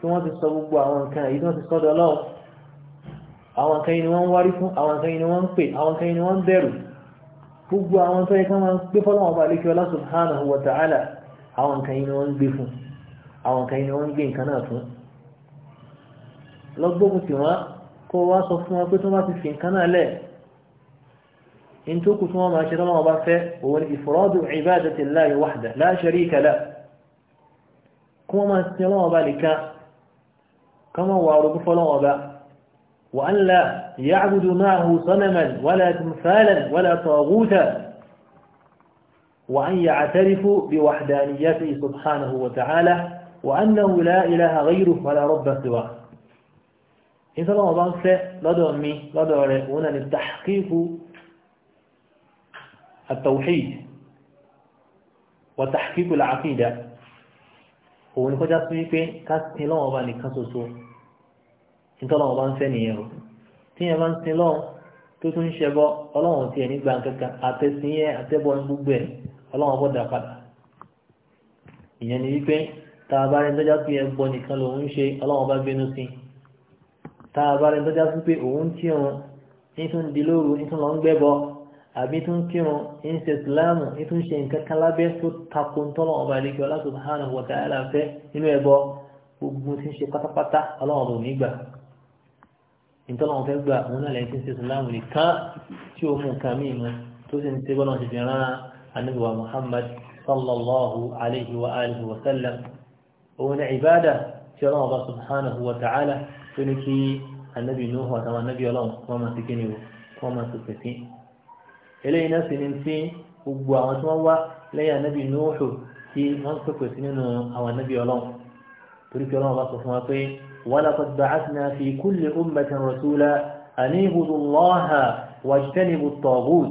tí wọ́n ti sọ gbogbo àwọn nǹkan èyí tí wọ́n ti sọ́dọ̀ ọlọ́run àwọn nǹkan yìí ni wọ́n ń wárí fún àwọn nǹkan yìí ni wọ́n ń pè àwọn nǹkan yìí ni wọ́n ń bẹ̀rù gbogbo àwọn tó yẹ ká máa ń gbé fọ́lọ́wọ́n bá lékè ọlá subhanahu wa ta'ala àwọn nǹkan yìí ni wọ́n ń gbé fún àwọn nǹkan yìí ni wọ́n ń gbé nǹkan náà fún lọ́gbógun tí wọ́n kó wá sọ fún wọn pé tó bá ti fi nǹkan náà lẹ̀ in tó kù tí wọ́n máa ṣe tọ́lọ́wọ́n bá fẹ́ òun ìfọ́rọ́dù ibadatillahi wahda la sharika lahu كما máa ذلك كما وارب nìkan وأن لا يعبد معه صنما ولا تمثالا ولا طاغوتا وأن يعترفوا بوحدانيته سبحانه وتعالى وأنه لا إله غيره ولا رب سواه إن صلى الله عليه وسلم لدى أمي لدى هنا للتحقيق التوحيد وتحقيق العقيدة òun ni kọjá sí wípé ká sin lọ́wọ́ ọba nìkan ṣoṣo nítorí ọlọ́wọ́ bá ń fẹ́ nìyẹn o tíyẹn bá ń sin lọ́wọ́ tó tún ń ṣẹbọ ọlọ́wọ́ tiẹ̀ nígbà kankan àtẹ̀sìn yẹn àtẹ̀bọ gbogbo ẹ̀ ọlọ́wọ́ bọ́ dà padà ìyẹn ni wípé tá a bá rí tọ́já sí ẹbọ nìkan lòun ń ṣe ọlọ́wọ́ bá bínú sí tá a bá rí tọ́já sí pé òun tí òun ní tún di lóru ní tún lọ ń gbẹ́bọ àbí tó ń kírun ń ṣe ìsìláàmù ń tún ṣe nǹkan kan lábẹ́ tó takò ń tọ́lọ̀ ọba àlejò Allah subhanahu wa ta'ala fẹ́ nínú ẹ̀bọ gbogbo tí ń ṣe pátápátá ọlọ́run ọba ò ní gbà ìtọ́lọ́run fẹ́ gbà òun náà lẹ́yìn tí ń ṣe ìsìláàmù nìkan tí ó mú nǹkan míì mu tó sì ń ṣe bọ́lá ṣe fi rán anábìwá Muhammad sallallahu alayhi wa alihi wa sallam òun ní ìbádà tí ọlọ́run ọba subhanahu eléyìí náà sì ni tí gbogbo àwọn tí wọ́n wá lẹ́yìn anábì Nuhu tí wọ́n pèpè sí nínú àwọn anábì ọlọ́run torí pé ọlọ́run bá sọ fún wa pé walaqad ba'athna fi kulli ummatin rasula ani'budu Allaha wajtanibu at-taghut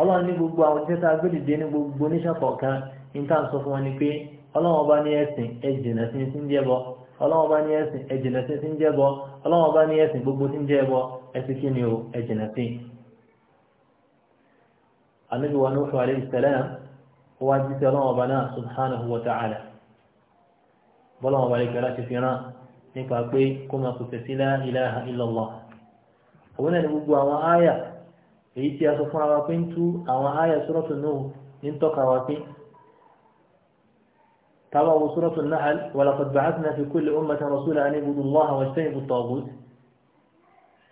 ọlọ́run ní gbogbo àwọn tẹ́tà agbẹ́dìde ní gbogbo oníṣẹ́ kọ̀ọ̀kan ní tá à ń sọ fún wọn ni pé ọlọ́run bá ní ẹ̀sìn ẹ̀jìnà sí ti ń jẹ́bọ ọlọ́run bá ní ẹ̀sìn ẹ̀jìnà sí ti ń jẹ́bọ ọlọ́run bá ní ẹ̀sìn gbogbo ti ń jẹ́bọ ẹ̀sìn kí ni o ẹ̀jìnà sí النبي نوح عليه السلام هو عزيز الله وبناء سبحانه وتعالى والله عليك لا تفينا نفع بي كما قلت لا إله إلا الله هنا نبقى على آية يتي أصفنا وقنتو على آية سورة النور ننتقى وقنتو تابع سورة النحل ولقد بعثنا في كل أمة رسولا أن يبدو الله واجتنبوا الطاغوت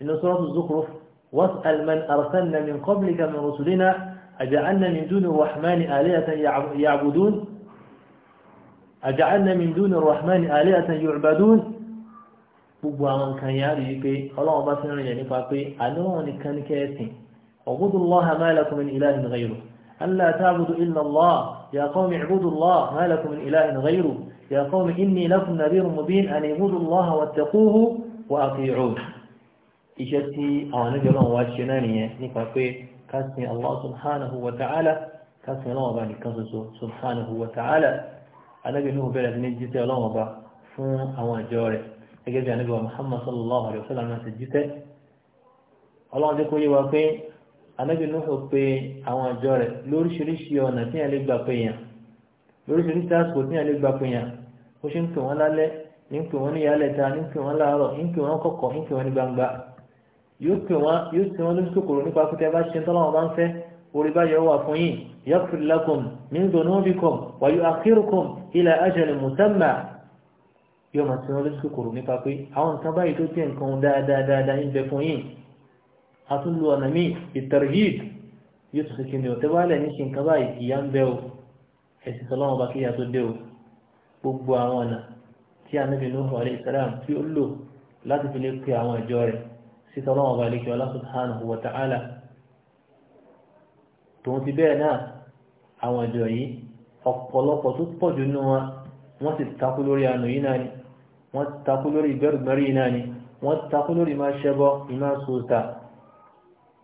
إن سورة الزخرف واسأل من أرسلنا من قبلك من رسلنا أجعلنا من دون الرحمن آلهة يعبدون أجعلنا من دون الرحمن آلهة يعبدون gbogbo àwọn nǹkan yà rí pé ọlọ́run bá ti rìn rìn nípa pé àníwọ̀n nìkan ní kẹ́ẹ̀sìn ọ̀gbọ́dù lọ́ha máìlàkùnmin ìlànà ìrìnrìn aláàtàbùdù ìlànà yàkọ́mì ìbùdù lọ́ha máìlàkùnmin ìlànà ìrìnrìn yàkọ́mì inni lakum nàbírù mubin àni ìbùdù lọ́ha wà tẹ̀kúhù wà àfihàn iṣẹ́ tí àwọn oníjọ́ náà wá ṣe kásìn Allah subhanahu wa ta'ala kásìn ọlọ́wọ́ bá nìkan ṣoṣo subhanahu wa ta'ala anábì Nuhu bẹ̀rẹ̀ sí ní jíṣẹ́ ọlọ́wọ́ bá fún àwọn ìjọ rẹ̀ gẹ́gẹ́ bí anábì wa Muhammad sallallahu alayhi wa sallam náà ti jíṣẹ́ ọlọ́wọ́ jẹ́ kó yé wa pé anábì Nuhu pé àwọn ìjọ rẹ̀ lóríṣiríṣi ọ̀nà tí yẹn lè gbà pé yẹn lóríṣiríṣi àsìkò tí yẹn lè gbà pé yẹn ó ṣe ń pè wọ́n lálẹ́ ń pè wọ́n ní ìyálẹ̀ta ń pè wọ́n láàárọ̀ ń pè wọ́n kọ̀kọ̀ yóò pè wọ́n yóò sin wọn lójú kòkòrò nípa pé tẹ́ bá ṣe tọ́lọ́wọ́n bá ń fẹ́ orí bá yọwọ́ fún yín yaghfir lakum min dhunubikum wa yu'akhirukum ila ajalin musamma yóò máa sin wọn lójú kòkòrò nípa pé àwọn nǹkan báyìí tó jẹ́ nǹkan dáadáa dáadáa ń bẹ fún yín àtúndù ọ̀nà míì ìtàrhìd yóò tún ṣèkìndì ọ̀tẹ́ wálẹ̀ ní ṣe nǹkan báyìí ìyá ń bẹ o ẹ̀sìn tọ́lọ́wọ́n bá kíyà tó dé o gbogbo àwọn ọ̀nà tí anábìnú alayhi salam tí ó lò láti fi lè pe àwọn ìjọ rẹ̀ sí tọ́lọ́wọ́n ọba àlejò Allah subhanahu wa ta'ala tòun ti bẹ́ẹ̀ náà àwọn ìjọ yìí ọ̀pọ̀lọpọ̀ tó pọ̀ jù nínú wọn wọ́n sì takú lórí àánú yìí náà ni wọ́n takú lórí ìbẹ́rùgbẹ́rì yìí náà ni wọ́n takú lórí ìmá ṣẹbọ ìmá sòta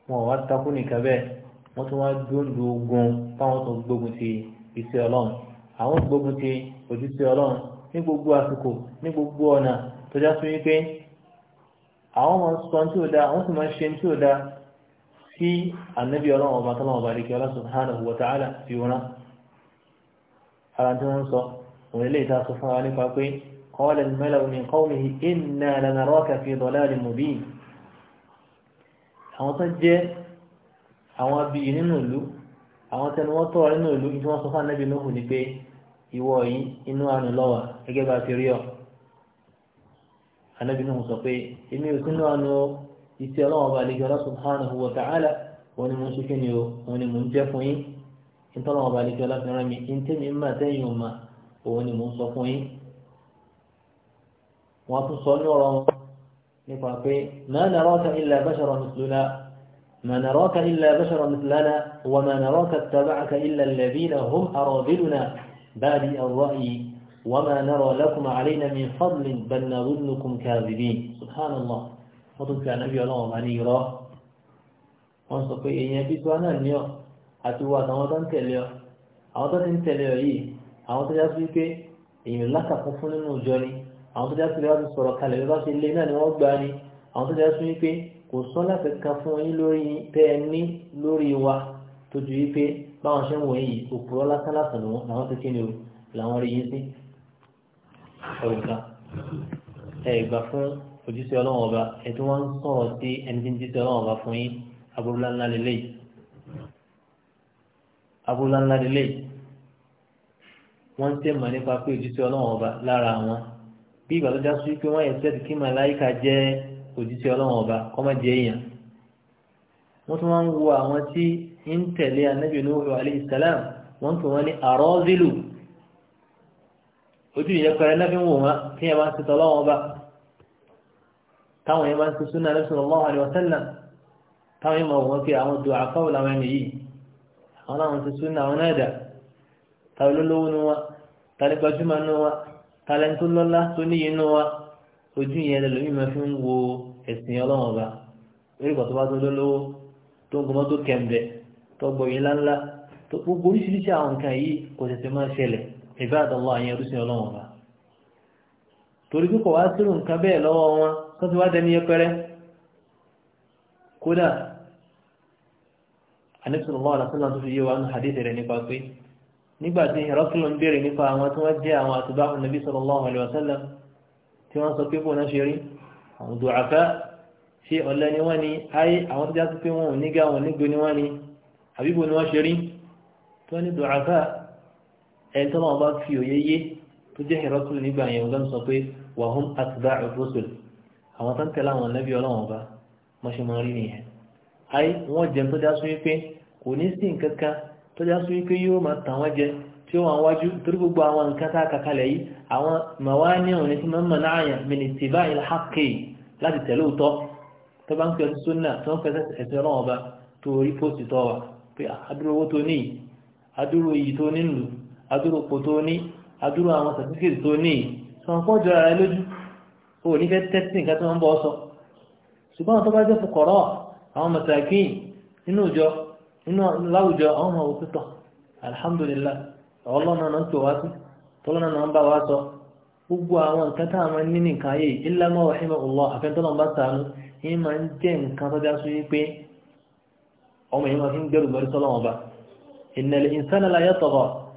wọn wá takú nìkan bẹ́ẹ̀ wọ́n tún wá gbóǹdò ogun táwọn tó gbógun ti iṣẹ́ ọlọ́run àwọn gbógun ti ojúṣe ọlọ́run ní gbogbo àsìkò ní gbogbo ọ̀nà tó já sí wípé àwọn máa ń sọ tí ó dá àwọn sì máa ń ṣe tí ó dá sí ànábì ọlọ́run ọba tọ́lọ́run ọba àdìkẹ́ ọlá subhanahu wa ta'ala fi wọn rán ara tí wọ́n ń sọ òun ilé ìta sọ fún wa nípa pé qala al-mala'u min qawmihi inna lanaraka fi dalalin mubin àwọn tó jẹ́ àwọn abiyì nínú ìlú àwọn tẹnu wọn tọ́ nínú ìlú tí wọ́n sọ fún ànábì Nuhu ni pé ìwọ yìí inú àánú lọ́wọ́ gẹ́gẹ́ bá ti rí ọ anabi náà sọ pé èmi ò sínú àná iṣẹ́ ọlọ́wọ́ bá àlejò ọlá subhanahu wa ta'ala wọn ni mo ń ṣe kíni o wọn ni mo ń jẹ́ fún yín ìtọ́lọ́wọ́ bá àlejò ọlá fi rán mi ìtẹ́mi ń mà sẹ́yìn ọ̀ma òun ni mo ń sọ fún yín wọ́n tún sọ ní ọ̀rọ̀ wọn nípa pé ma naraka illa bashara mithluna ما نراك إلا بشرا مثلنا وما نراك اتبعك إلا الذين هم أراذلنا بادي الرأي وما نرى لكم علينا من فضل بل نظنكم كاذبين سبحان الله فضل كان نبي الله عليه راه wọ́n sọ pé èèyàn bí tí wọ́n náà ní ọ̀ àti wo àtàwọn tó ń tẹ̀lé ọ àwọn tó ti ń tẹ̀lé ọ yìí àwọn tó já sí pé èèyàn lákàkún fún nínú ìjọ ni àwọn tó já sí pé wọ́n ti sọ̀rọ̀ kalẹ̀ bí wọ́n ti lé náà ni wọ́n gbà ni àwọn tó já sí pé kò sọ láti kan fún yín lórí tẹ́ ẹ ní lórí wa tó ju wípé báwọn ṣe ń wọ̀ òpùrọ̀ lásán lásán làwọn ti kí ni o làwọn rí yín sí ẹ̀wùká ẹ̀gbà fún ojúṣe ọlọ́run ọba ẹ̀tí wọ́n ń sọ̀rọ̀ sí ẹni tí ń jíṣẹ́ ọlọ́run ọba fún yín ńlá lélẹ̀ ńlá lélẹ̀ wọ́n ń tẹ̀ mọ̀ nípa pé ojúṣe ọlọ́run ọba lára wọn bí ìgbà tó já pé wọ́n yẹn sẹ́ẹ̀tì kí màláìka jẹ́ ojúṣe ọlọ́run ọba kọ́mọ̀dé èèyàn wọ́n tún wá ń wo àwọn tí ń tẹ̀lé ní ojú ìyẹn pẹrẹ náà fi ń wò wọn tí yẹn máa ń sitọ lọ́wọ́ bá táwọn yẹn máa ń sọ súnà lẹ́sùn sallallahu alaihi wasallam táwọn yẹn máa wọ́n fi àwọn dùn àfáwò làwọn ẹni yìí àwọn làwọn sọ súnà àwọn náà dà táwọn olólówó nu wa tálẹ́ gbajúmọ̀ nu wa tálẹ́ tó lọ́lá tó níyì nu wa ojú ìyẹn lẹ́lọ́mí máa fi ń wo ẹ̀sìn ọlọ́wọ́n bá orí tó bá tó lọ́lọ́wọ́ tó ń gbọmọ́ ìbáàdàlọ́ àyẹn rúsìn ọlọ́wọ́n wa torí pé kò wá sírù nǹkan bẹ́ẹ̀ lọ́wọ́ wọn tó ti wá dẹni yẹpẹrẹ kódà anẹ́sọ̀rọ̀lọ́ àlàsílà tó fi yé wa ní hadith rẹ̀ nípa pé nígbà tí ìrọ́kìlọ̀ ń béèrè nípa àwọn tí wọ́n jẹ́ àwọn àtúbá nàbí sallallahu alaihi wasallam tí wọ́n sọ pé kò náà ṣe rí àwọn ẹni tó náà bá fi òye yé tó jẹ́ ìrọ́kùnrin nígbà yẹn ọ̀gá sọ pé wàhùn àtúbà ìrọ́sọ̀lù àwọn tó ń tẹ̀lé àwọn ẹlẹ́bí ọlọ́wọ́n bá mọ́ṣẹ́mọ́ rí nìyẹn ayé wọ́n jẹ́ tó já sún wípé kò ní sí nǹkan kan tó já sún wípé yóò máa tàn wọ́n jẹ tí ó wọn wájú torí gbogbo àwọn nǹkan tá a kà kalẹ̀ yìí àwọn màwá ní tí mo ń mọ̀ náà yàn mí ní tìbá láti tẹ̀lé adúrò kò tó ní adúrò àwọn sàtífìkì tó ní sọ̀rọ̀ kọ́ jọra rẹ lójú o ò ní fẹ́ tẹ́sí nǹkan tí wọ́n ń bọ́ sọ ṣùgbọ́n tó bá jẹ́ fukọ̀rọ̀ àwọn mọ̀tàkìn nínú ìjọ nínú láwùjọ àwọn ọmọ òkútọ̀ alhamdulillah ọlọ́nà náà tó wá sí tọ́lọ́nà náà ń bá wá sọ gbogbo àwọn nǹkan tá a máa ní nìkan ayé illa ma rahima Allah àfẹ́ntọ́nà bá sàánú yìí máa ń jẹ́ nǹkan tó já sí wípé ọmọ yìí máa fi ń gbẹrù lórí sọ́lọ́wọ́n ba innal insana la yatgha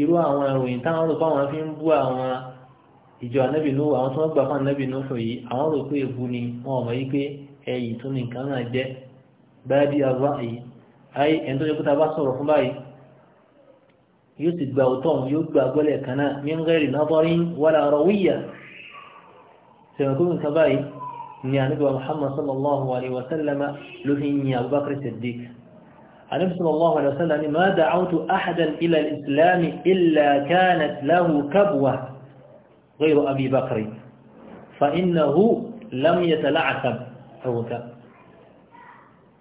irú àwọn ìròyìn táwọn rò fáwọn fi ń bú àwọn ìjọ ànábì Nuhu àwọn tó wọ́n gbà fún ànábì Nuhu yìí àwọn rò pé èbu ni wọn ò mọ̀ yí pé ẹ̀yìn tó ní nǹkan náà jẹ́ báyìí àbá yìí ayé ẹni tó yẹ kó ta bá sọ̀rọ̀ fún báyìí yóò sì gba òótọ́ yóò gba agbọ́lẹ̀ kan náà min ghairi nadarin wala rawiyya sẹ̀mẹ̀kú nǹkan báyìí ni ànábì wa Muhammad sallallahu النبي صلى الله عليه وسلم ما دعوت أحدا إلى الإسلام إلا كانت له كبوة غير أبي بكر فإنه لم يتلعثم حوكا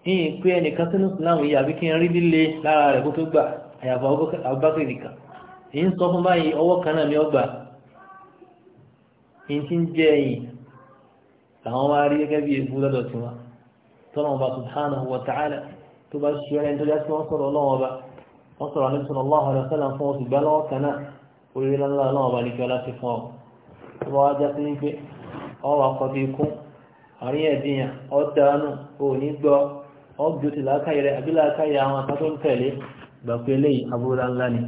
إيه كويني كتن الإسلام يا بكين ريد اللي لا لا كتب يا أبو بكر ذكا إن صف ما يأوى كان يوبا إن تنجي فهو ما ريك بيه بودا دوتما طلعوا سبحانه وتعالى tó bá ṣe ẹni tó já sí wọ́n sọ̀rọ̀ ọlọ́wọ́ ọba wọ́n sọ̀rọ̀ àníbi sọ̀rọ̀ ọlọ́wọ́ ọ̀rẹ́ sẹ́lẹ̀ fún oṣù gbá lọ́wọ́ kan náà oríire lọ́wọ́ ọlọ́wọ́ ọba ní kí ọlá ti fún ọ tó bá wá já sí wípé ọwọ́ akọ bí ikú àríyànjiyàn ọ̀dánù òní gbọ́ ọ̀gbìn ti làákàyè rẹ̀ àbí làákàyè àwọn akátó ń tẹ̀lé gbà eléyìí aburú ńlá ni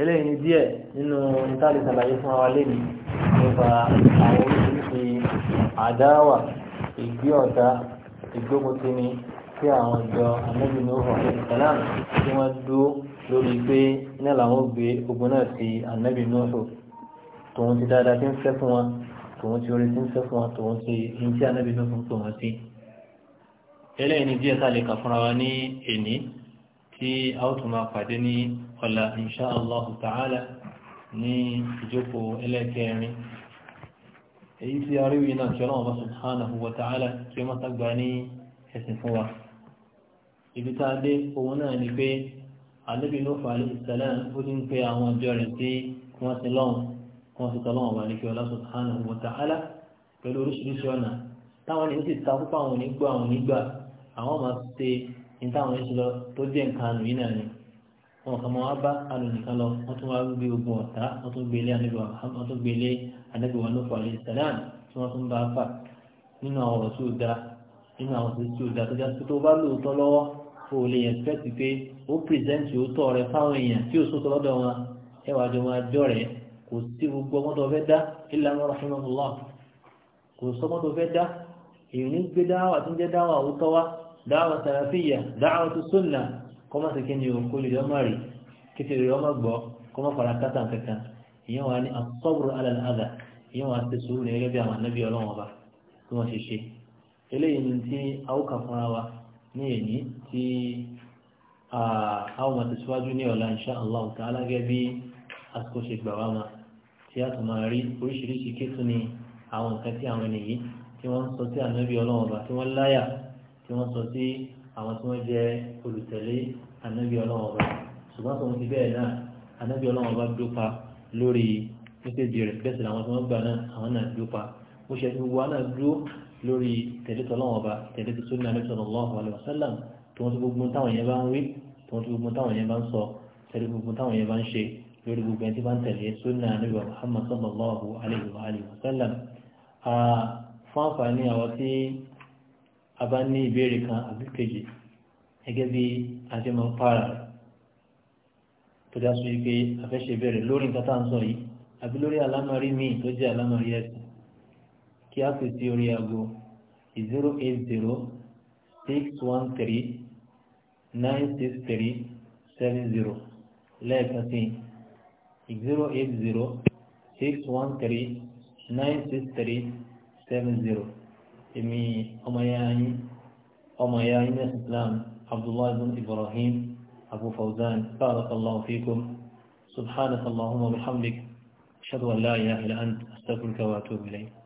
eléyìí ni díẹ̀ nínú ìtàlẹ̀ sàlàyé fún àwa lè ìgbé ọ̀dá ìgbógun ti ni tí àwọn ìjọ anábì ní òhùn àti ìsàlám tí wọ́n dúró lórí pé iná làwọn gbé ogun náà sí anábì ní òhùn tòun ti dáadáa tí ń fẹ́ fún wọn tòun ti orí tí ń fẹ́ fún wọn tòun ti ní tí anábì ní òhùn tó wọn sí. eléyìí ni díẹ̀ tá lè kà fúnra wa ní èní tí a ó tún máa pàdé ní ọ̀la insha allah ta'ala ní ìjókòó ẹlẹ́kẹrin èyí tí a rí wí náà kí ọlọ́run bá subhanahu wa ta'ala kí ó má sàgbà ní ẹ̀sìn fún wa ibi tá a dé òun náà ni pé ànábì Nuhu alayhi salam ó ti ń pe àwọn ọjọ́ rẹ̀ sí kí wọ́n ti lọ́hùn kí wọ́n ti tọ́ lọ́hùn wàlíkì ọlá subhanahu wa ta'ala pẹ̀lú oríṣiríṣi ọ̀nà táwọn ènìyàn sì ta púpọ̀ àwọn onígbà àwọn onígbà àwọn máa ṣe ní táwọn ènìyàn lọ tó jẹ́ nǹkan ànú yìí náà ni wọn kàn máa bá ànú nìkan lọ wọ́n tún wá gbé ogun ọ̀tá wọ́n tún gbélé ànábì wa Nuhu alayhi salam tí wọ́n tún bá fà nínú àwọn ọ̀rọ̀ tí ó da nínú àwọn ọ̀rọ̀ tí ó da tó já sí tó bá lóòótọ́ lọ́wọ́ o lè yẹn fẹ́ ti pé ó pírẹsẹ́ǹtì òótọ́ rẹ fáwọn èèyàn tí ó sọ́tọ̀ lọ́dọ̀ wọn ẹ wàá jọ máa jọ rẹ kò sí gbogbo ọmọ tó fẹ́ dá ìlànà rahimahullah kò sọmọ tó fẹ́ dá ìrìn gbé dáwà tó ń jẹ́ dáwà òótọ́ wa dáwà sàràfíyà dáwà tó sùnnà kọ́má sì kíni o kó lè ọmọ rè kékeré ọmọ gbọ́ kọ́má fara kátà kankan ìyẹn wàá ní ni èyí tí àwọn àtẹ̀síwájú ní ọ̀la insha Allah ta'ala gẹ́gẹ́ bí àsìkò ṣe gbà wá ma tí a tún máa rí oríṣiríṣi kétù ni àwọn nǹkan tí àwọn ènìyàn yìí tí wọ́n ń sọ sí ànábì ọlọ́run ọba tí wọ́n láyà tí wọ́n sọ sí àwọn tí wọ́n jẹ́ olùtẹ̀lé ànábì ọlọ́run ọba ṣùgbọ́n tó ń ti bẹ́ẹ̀ náà ànábì ọlọ́run ọba dópa lórí méjèèjì rẹ̀ bẹ́ẹ̀ sì làwọn tí wọ́n gbà náà àwọn náà dópa ó ṣe ti wọ́n náà dúró lórí tẹ̀lé tọ́lọ́run ọba tẹ̀lé tó sórí ànábì sallallahu alaihi wasallam tí wọ́n ti gbogbo táwọn yẹn bá ń wí tí wọ́n ti gbogbo táwọn yẹn bá ń sọ tẹ̀lé gbogbo táwọn yẹn bá ń ṣe lórí gbogbo ẹni tí bá ń tẹ̀lé sunna Ànábì Muhammad sallallahu alayhi wa alihi wa sallam fún àǹfààní àwọn tí a bá ní ìbéèrè kan àbí kejì gẹ́gẹ́ bí ajé máa ń para tó dá sí pé afẹ́ṣe ìbéèrè lórí nǹkan tá à ń sọ yìí àbí lórí alámọ̀rí míì tó jẹ́ alámọ̀rí ẹ̀sìn kí a sì sí orí aago zero eight zero six one three nine six three seven zero lẹ́ẹ̀kan sí zero eight zero six one three nine six three seven zero èmi ọmọ ya yín ọmọ ya yín Islam Abdullahi bin Ibrahim Abu Fawzan barakallahu fikum subhanaka Allahumma wa bihamdik ashhadu an la ilaha illa anta astaghfiruka wa atubu ilayk